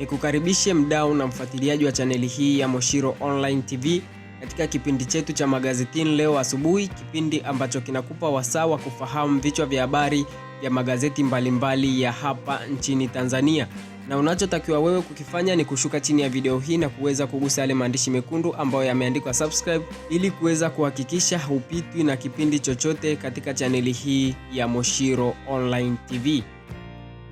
Ni kukaribishe mdau na mfuatiliaji wa chaneli hii ya Moshiro Online TV katika kipindi chetu cha magazetini leo asubuhi, kipindi ambacho kinakupa wasaa wa kufahamu vichwa vya habari vya magazeti mbalimbali mbali ya hapa nchini Tanzania, na unachotakiwa wewe kukifanya ni kushuka chini ya video hii na kuweza kugusa yale maandishi mekundu ambayo yameandikwa subscribe, ili kuweza kuhakikisha hupitwi na kipindi chochote katika chaneli hii ya Moshiro Online TV.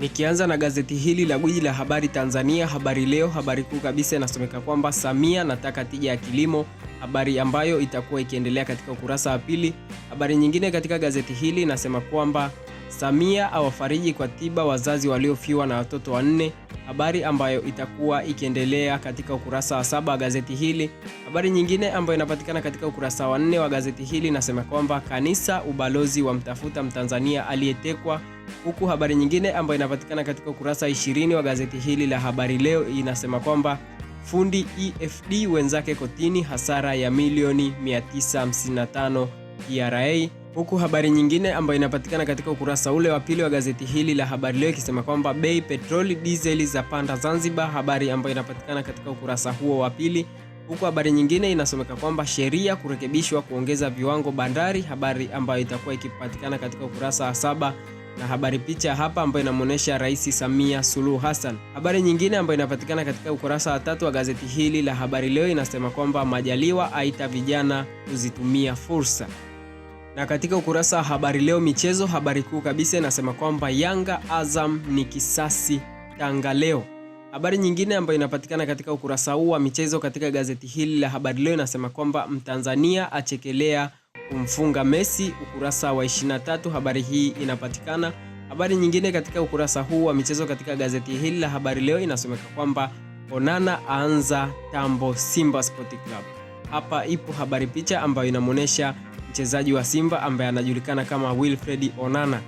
Nikianza na gazeti hili la gwiji la habari Tanzania, Habari Leo, habari kuu kabisa inasomeka kwamba Samia nataka tija ya kilimo, habari ambayo itakuwa ikiendelea katika ukurasa wa pili. Habari nyingine katika gazeti hili inasema kwamba Samia awafariji kwa tiba wazazi waliofiwa na watoto wanne habari ambayo itakuwa ikiendelea katika ukurasa wa saba wa gazeti hili. Habari nyingine ambayo inapatikana katika ukurasa wa nne wa gazeti hili inasema kwamba kanisa ubalozi wa mtafuta mtanzania aliyetekwa, huku habari nyingine ambayo inapatikana katika ukurasa wa 20 wa gazeti hili la Habari Leo inasema kwamba fundi EFD wenzake kotini, hasara ya milioni 955 TRA huku habari nyingine ambayo inapatikana katika ukurasa ule wa pili wa gazeti hili la Habari Leo ikisema kwamba bei petroli dizeli za panda Zanzibar, habari ambayo inapatikana katika ukurasa huo wa pili, huku habari nyingine inasomeka kwamba sheria kurekebishwa kuongeza viwango bandari, habari ambayo itakuwa ikipatikana katika ukurasa wa saba na habari picha hapa ambayo inamwonyesha Rais Samia Suluhu Hassan. Habari nyingine ambayo inapatikana katika ukurasa wa tatu wa gazeti hili la Habari Leo inasema kwamba Majaliwa aita vijana kuzitumia fursa. Na katika ukurasa wa habari leo michezo, habari kuu kabisa inasema kwamba Yanga Azam ni kisasi Tanga leo. Habari nyingine ambayo inapatikana katika ukurasa huu wa michezo katika gazeti hili la habari leo inasema kwamba Mtanzania achekelea kumfunga Messi, ukurasa wa 23, habari hii inapatikana. Habari nyingine katika ukurasa huu wa michezo katika gazeti hili la habari leo inasomeka kwamba Onana aanza tambo Simba Sport Club. Hapa ipo habari picha ambayo inamuonesha mchezaji wa Simba ambaye anajulikana kama Wilfred Onana.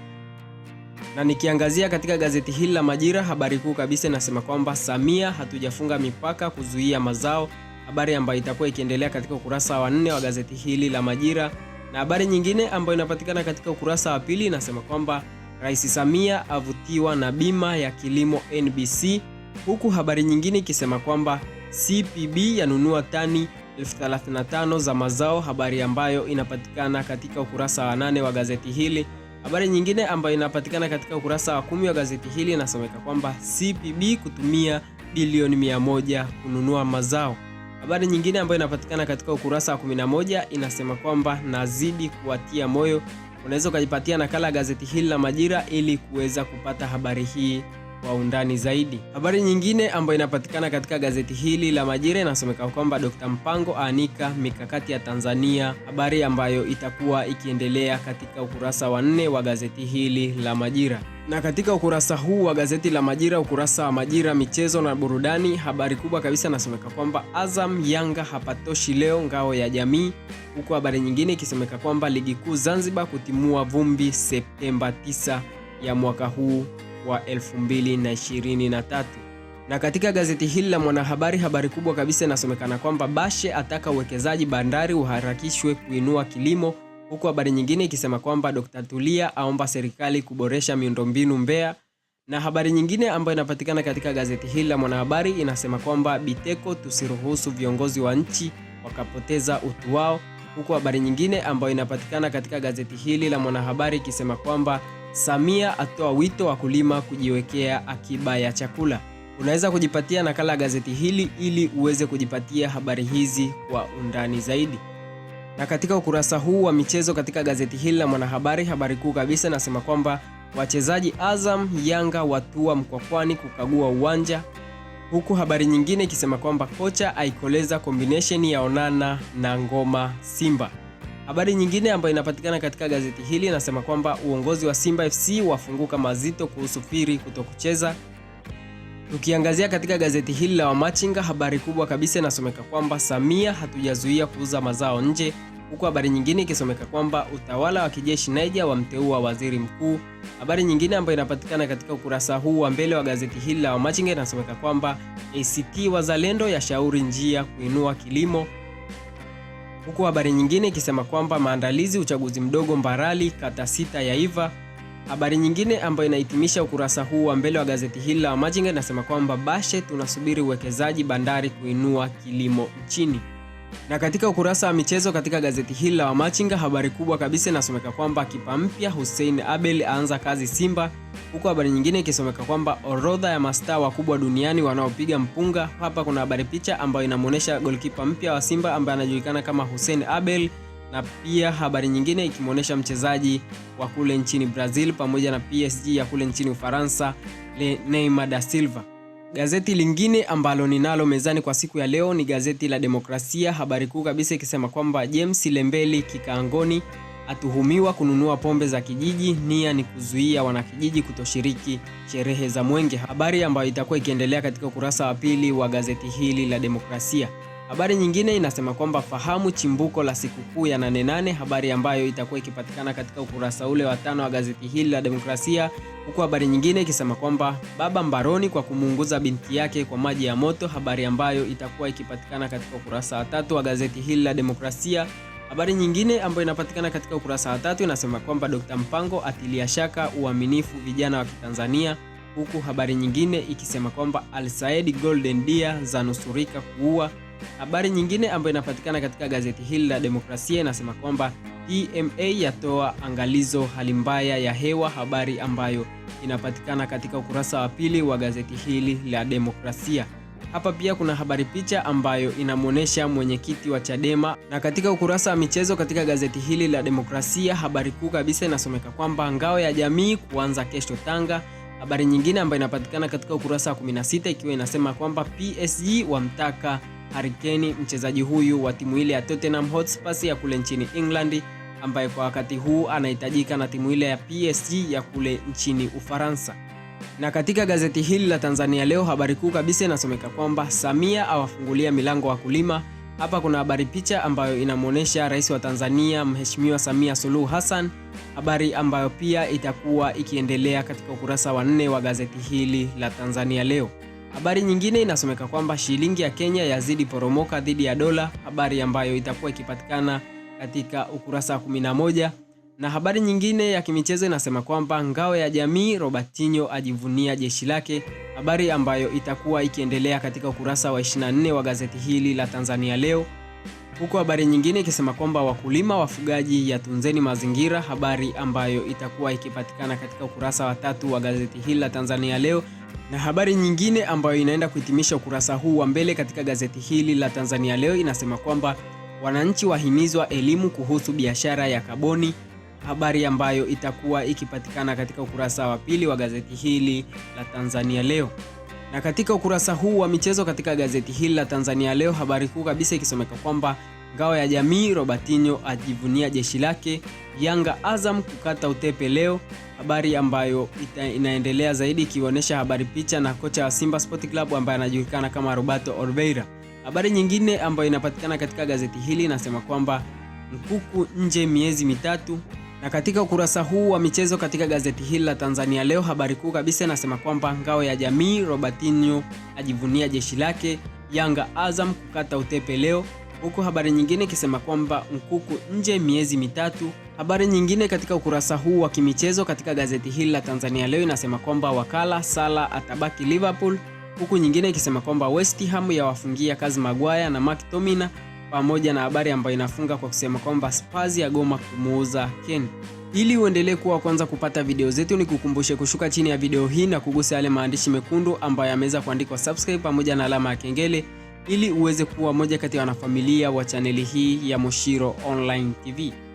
Na nikiangazia katika gazeti hili la Majira, habari kuu kabisa inasema kwamba Samia, hatujafunga mipaka kuzuia mazao, habari ambayo itakuwa ikiendelea katika ukurasa wa nne wa gazeti hili la Majira. Na habari nyingine ambayo inapatikana katika ukurasa wa pili inasema kwamba Rais Samia avutiwa na bima ya kilimo NBC, huku habari nyingine ikisema kwamba CPB yanunua tani 35 za mazao, habari ambayo inapatikana katika ukurasa wa nane wa gazeti hili. Habari nyingine ambayo inapatikana katika ukurasa wa kumi wa gazeti hili inasomeka kwamba CPB kutumia bilioni 100 kununua mazao. Habari nyingine ambayo inapatikana katika ukurasa wa 11 inasema kwamba nazidi kuwatia moyo. Unaweza ukajipatia nakala ya gazeti hili la Majira ili kuweza kupata habari hii kwa undani zaidi. Habari nyingine ambayo inapatikana katika gazeti hili la Majira inasomeka kwamba d Mpango aanika mikakati ya Tanzania, habari ambayo itakuwa ikiendelea katika ukurasa wa nne wa gazeti hili la Majira na katika ukurasa huu wa gazeti la Majira, ukurasa wa Majira michezo na burudani, habari kubwa kabisa inasomeka kwamba Azam Yanga hapatoshi leo ngao ya jamii, huku habari nyingine ikisomeka kwamba ligi kuu Zanzibar kutimua vumbi Septemba 9 ya mwaka huu wa 2023. Na katika gazeti hili la Mwanahabari, habari kubwa kabisa inasomekana kwamba Bashe ataka uwekezaji bandari uharakishwe kuinua kilimo, huku habari nyingine ikisema kwamba Dr. Tulia aomba serikali kuboresha miundombinu mbea na habari nyingine ambayo inapatikana katika gazeti hili la Mwanahabari inasema kwamba Biteko, tusiruhusu viongozi wa nchi wakapoteza utu wao, huku habari nyingine ambayo inapatikana katika gazeti hili la Mwanahabari ikisema kwamba Samia atoa wito wakulima kujiwekea akiba ya chakula. Unaweza kujipatia nakala ya gazeti hili ili uweze kujipatia habari hizi kwa undani zaidi. Na katika ukurasa huu wa michezo katika gazeti hili la Mwanahabari, habari kuu kabisa inasema kwamba wachezaji Azam Yanga watua Mkwakwani kukagua uwanja, huku habari nyingine ikisema kwamba kocha aikoleza combination ya Onana na Ngoma Simba. Habari nyingine ambayo inapatikana katika gazeti hili inasema kwamba uongozi wa Simba FC wafunguka mazito kuhusu Firi kutokucheza. Tukiangazia katika gazeti hili la Wamachinga, habari kubwa kabisa inasomeka kwamba Samia, hatujazuia kuuza mazao nje, huku habari nyingine ikisomeka kwamba utawala wa kijeshi Niger wamteua waziri mkuu. Habari nyingine ambayo inapatikana katika ukurasa huu wa mbele wa gazeti hili la Wamachinga inasomeka kwamba ACT Wazalendo yashauri njia kuinua kilimo huku habari nyingine ikisema kwamba maandalizi uchaguzi mdogo Mbarali kata sita ya iva. Habari nyingine ambayo inahitimisha ukurasa huu wa mbele wa gazeti hili la Wamachinga inasema kwamba Bashe tunasubiri uwekezaji bandari kuinua kilimo nchini. Na katika ukurasa wa michezo katika gazeti hili la Wamachinga, habari kubwa kabisa inasomeka kwamba kipa mpya Hussein Abel aanza kazi Simba, huku habari nyingine ikisomeka kwamba orodha ya mastaa wakubwa duniani wanaopiga mpunga. Hapa kuna habari picha ambayo inamuonesha golkipa mpya wa Simba ambaye anajulikana kama Hussein Abel na pia habari nyingine ikimwonyesha mchezaji wa kule nchini Brazil pamoja na PSG ya kule nchini Ufaransa Neymar da Silva. Gazeti lingine ambalo ninalo mezani kwa siku ya leo ni gazeti la Demokrasia, habari kuu kabisa ikisema kwamba James Lembeli Kikaangoni atuhumiwa kununua pombe za kijiji, nia ni kuzuia wanakijiji kutoshiriki sherehe za mwenge, habari ambayo itakuwa ikiendelea katika ukurasa wa pili wa gazeti hili la Demokrasia. Habari nyingine inasema kwamba fahamu chimbuko la sikukuu ya Nane Nane, habari ambayo itakuwa ikipatikana katika ukurasa ule wa tano wa gazeti hili la Demokrasia, huku habari nyingine ikisema kwamba baba mbaroni kwa kumuunguza binti yake kwa maji ya moto, habari ambayo itakuwa ikipatikana katika ukurasa wa tatu wa gazeti hili la Demokrasia. Habari nyingine ambayo inapatikana katika ukurasa wa tatu inasema kwamba Dr. Mpango atilia shaka uaminifu vijana wa Kitanzania, huku habari nyingine ikisema kwamba Al Said Golden Deer zanusurika kuua Habari nyingine ambayo inapatikana katika gazeti hili la Demokrasia inasema kwamba TMA yatoa angalizo hali mbaya ya hewa, habari ambayo inapatikana katika ukurasa wa pili wa gazeti hili la Demokrasia. Hapa pia kuna habari picha ambayo inamwonyesha mwenyekiti wa Chadema, na katika ukurasa wa michezo katika gazeti hili la Demokrasia habari kuu kabisa inasomeka kwamba ngao ya jamii kuanza kesho Tanga. Habari nyingine ambayo inapatikana katika ukurasa wa 16 ikiwa inasema kwamba PSG wamtaka Harry Kane, mchezaji huyu wa timu ile ya Tottenham Hotspur ya kule nchini England, ambaye kwa wakati huu anahitajika na timu ile ya PSG ya kule nchini Ufaransa. Na katika gazeti hili la Tanzania Leo, habari kuu kabisa inasomeka kwamba Samia awafungulia milango wakulima. Hapa kuna habari picha ambayo inamwonyesha rais wa Tanzania Mheshimiwa Samia Suluhu Hassan, habari ambayo pia itakuwa ikiendelea katika ukurasa wa nne wa gazeti hili la Tanzania Leo. Habari nyingine inasomeka kwamba shilingi ya Kenya yazidi poromoka dhidi ya dola, habari ambayo itakuwa ikipatikana katika ukurasa wa 11 na habari nyingine ya kimichezo inasema kwamba ngao ya jamii Robertinho ajivunia jeshi lake, habari ambayo itakuwa ikiendelea katika ukurasa wa 24 wa gazeti hili la Tanzania Leo. Huku habari nyingine ikisema kwamba wakulima wafugaji, yatunzeni mazingira, habari ambayo itakuwa ikipatikana katika ukurasa wa tatu wa gazeti hili la Tanzania Leo, na habari nyingine ambayo inaenda kuhitimisha ukurasa huu wa mbele katika gazeti hili la Tanzania Leo inasema kwamba wananchi wahimizwa elimu kuhusu biashara ya kaboni, habari ambayo itakuwa ikipatikana katika ukurasa wa pili wa gazeti hili la Tanzania Leo. Na katika ukurasa huu wa michezo katika gazeti hili la Tanzania Leo, habari kuu kabisa ikisomeka kwamba ngao ya jamii, Robertinho ajivunia jeshi lake, Yanga Azam kukata utepe leo, habari ambayo ita, inaendelea zaidi ikionyesha habari picha na kocha wa Simba Sport Club ambaye anajulikana kama Roberto Oliveira. Habari nyingine ambayo inapatikana katika gazeti hili inasema kwamba Mkuku nje miezi mitatu, na katika ukurasa huu wa michezo katika gazeti hili la Tanzania Leo, habari kuu kabisa inasema kwamba ngao ya jamii, Robertinho ajivunia jeshi lake, Yanga Azam kukata utepe leo, huku habari nyingine ikisema kwamba Nkuku nje miezi mitatu. Habari nyingine katika ukurasa huu wa kimichezo katika gazeti hili la Tanzania Leo inasema kwamba wakala Sala atabaki Liverpool, huku nyingine ikisema kwamba West Ham yawafungia kazi Magwaya na McTominay pamoja na habari ambayo inafunga kwa kusema kwamba Spurs goma kumuuza ken Ili uendelee kuwa kwanza kupata video zetu, ni kukumbushe kushuka chini ya video hii na kugusa yale maandishi mekundu ambayo yameweza kuandikwa subscribe pamoja na alama ya kengele ili uweze kuwa moja kati ya wanafamilia wa chaneli hii ya Moshiro Online TV.